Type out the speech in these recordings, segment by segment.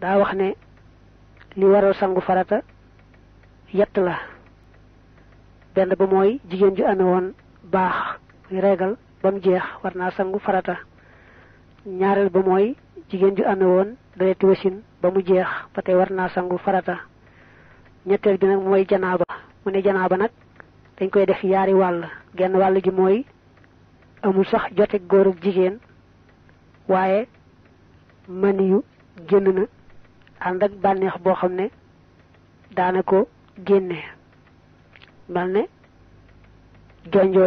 da wax ne li waral sangu farata yett la benn ba mooy jigéen ju amee woon baax muy regal bam jeex war sangu farata ñaareel ba mooy jigéen ju amee woon dereeti wasin ba mu jeex ba tey sangu farata ñetteel bi nag mooy janaaba mu ne janaaba nag dañ koy def yaari wàll genn wàll gi mooy amul sax jotek góor jigéen maniyu génn na andak ak bànneex boo xam ne daana ko génne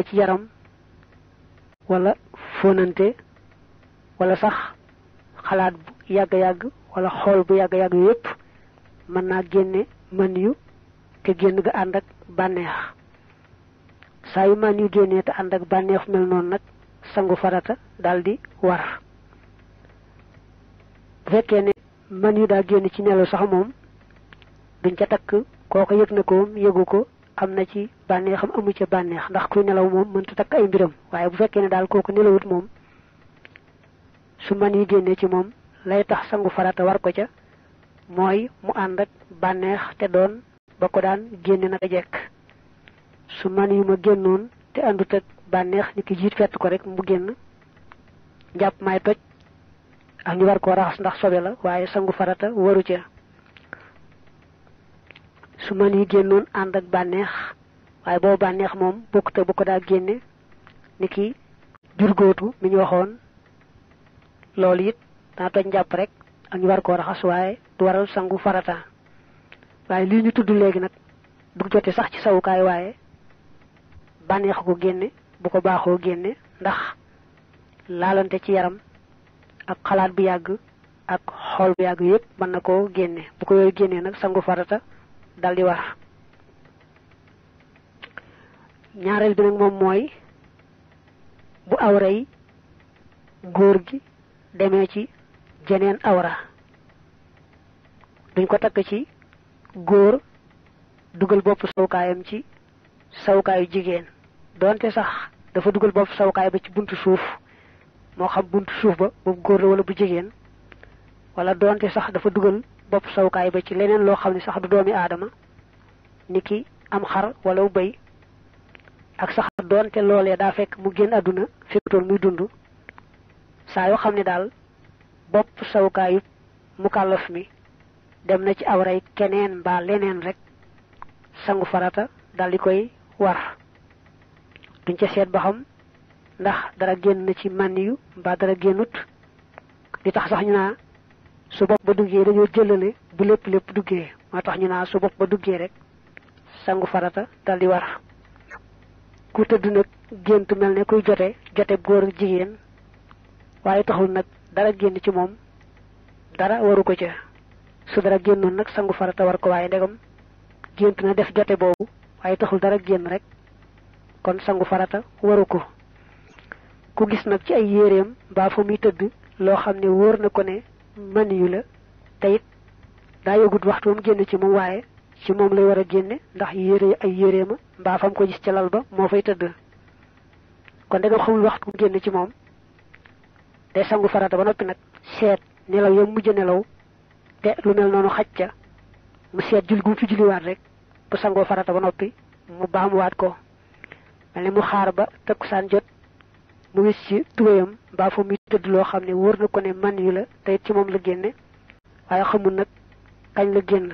ci yaram wala fonante wala sax xalaat bu yag yag wala xol bu yag yag yépp man na genné man yu ke genn ga ànd ak bànneex saa yu mën yu génnee te mel non nak sangu farata daldi war bu man yu daa génn ci nelaw sax moom duñ ca takk kooko yëg na koom yëgu ko am na ci bànneexam amu ca bànneex ndax kuy nelaw moom mënta takk ay mbiram waaye bu fekkee ne daal kooku nelawut moom su man yu génnee ci moom lay tax sangu farata war ko ca mooy mu ànd ak bànneex te doon ba ko daan génne naka jekk su man yu ma génnoon te àndut ak bànneex ni ki jiit fett ko rek mu génn jàpp may toj ak war ko raxas ndax sobe la waaye sangu farata waru ca su man yi génnoon ànd ak bànneex waaye boo bànneex moom bokk te bu ko daa génne ni ki jurgóotu mi ñu waxoon loolu it toj njàpp rek ak war koo raxas waaye du waral sangu farata waaye lii ñu tudd léegi nag bu jotee sax ci sawukaay waaye bànneex ko génne bu ko baaxoo génne ndax laalante ci yaram ak xalaat bu yàgg ak xol bu yàgg yépp mën na koo génne bu ko yooyu génnee nag sangu farata dal di wax ñaareel bi nag moom mooy bu awra yi góor gi demee ci jeneen awra duñ ko takk ci góor dugal bopp sawkaayam ci sawkaayu jigéen donte sax dafa dugal bopp sawkaay ba ci buntu suuf mo xam buntu suuf ba bu góor la wala bu jigéen wala donte sax dafa dugal bopp sawkaay ba ci leneen loo xam sax du doomi aadama niki am xar wala bay ak sax donte loolee daa fekk mu génn àdduna fekkutoon muy dund saa yoo xam ne daal bopp sawkaayu mukallaf mi dem na ci awray keneen mbaa leneen rek sangu farata dal di war duñ ca seet ba xam ndax dara génn ci man yu mbaa dara génnut li tax sax ñu naa su bopp ba duggee dañoo jëlale bu lépp lépp duggee moo tax ñu naa su bopp ba duggee rek sangu farata dal di war ku tëdd nag gént mel ne kuy jote jote góor ak jigéen waaye taxul nag dara génn ci moom dara waru ko ca su dara génnoon nag sangu farata war ko waaye ndegam gént na def jote boobu waaye taxul dara génn rek kon sangu farata waru ko ku gis nag ci ay yéeréem ba fu muy tëdd loo xam ne wóor na ko ne man yu la te it daa yëgut waxtu mu génn ci moom waaye ci moom lay war a génne ndax yére ay yéeréema mbaa fam ko gis ci lal ba moo fay tëdd kon dagam xamul waxtu mu génn ci moom day sangu farata ba noppi nag seet nelaw yam mujj nelaw te lu mel noonu xaj mu seet jul gum fi juliwaat rek bu sangoo farata ba noppi mu baamuwaat ko mel mu xaar ba jot mu wis ci tuwayam ba fa muy tëdd loo xam ne na ko ne man yu la te ci moom la génne waaye xamul nag kañ la génn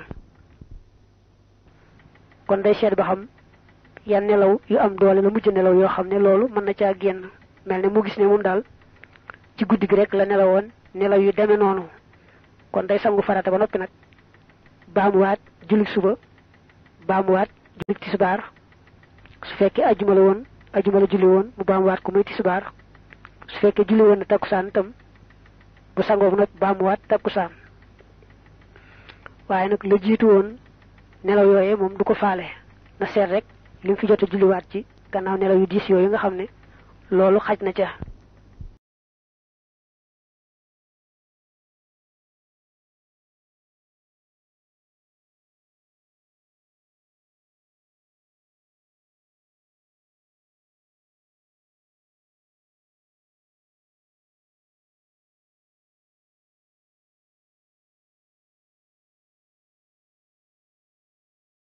kon day seet ba xam ya nelaw yu am doole la mujj nelaw yoo xam ne loolu mën na caa génn mel ne mu gis ne moom daal ci guddi gi rek la nelawoon nelaw yu deme noonu kon day sangu farata ba noppi nag baamuwaat julik suba baamuwaat julik tisbaar su fekkee ajjuma la woon aljuma la julli woon mu baamuwaat ko muy tisbaar su fekke julli woon na takkusaan itam bu sangoog nag baamuwaat takkusaan waaye nag la jiitu woon nelaw yooyee moom du ko faale na seet rek li mu fi jot a julliwaat ci gannaaw nelaw yu diis yooyu nga xam ne loolu xaj na ca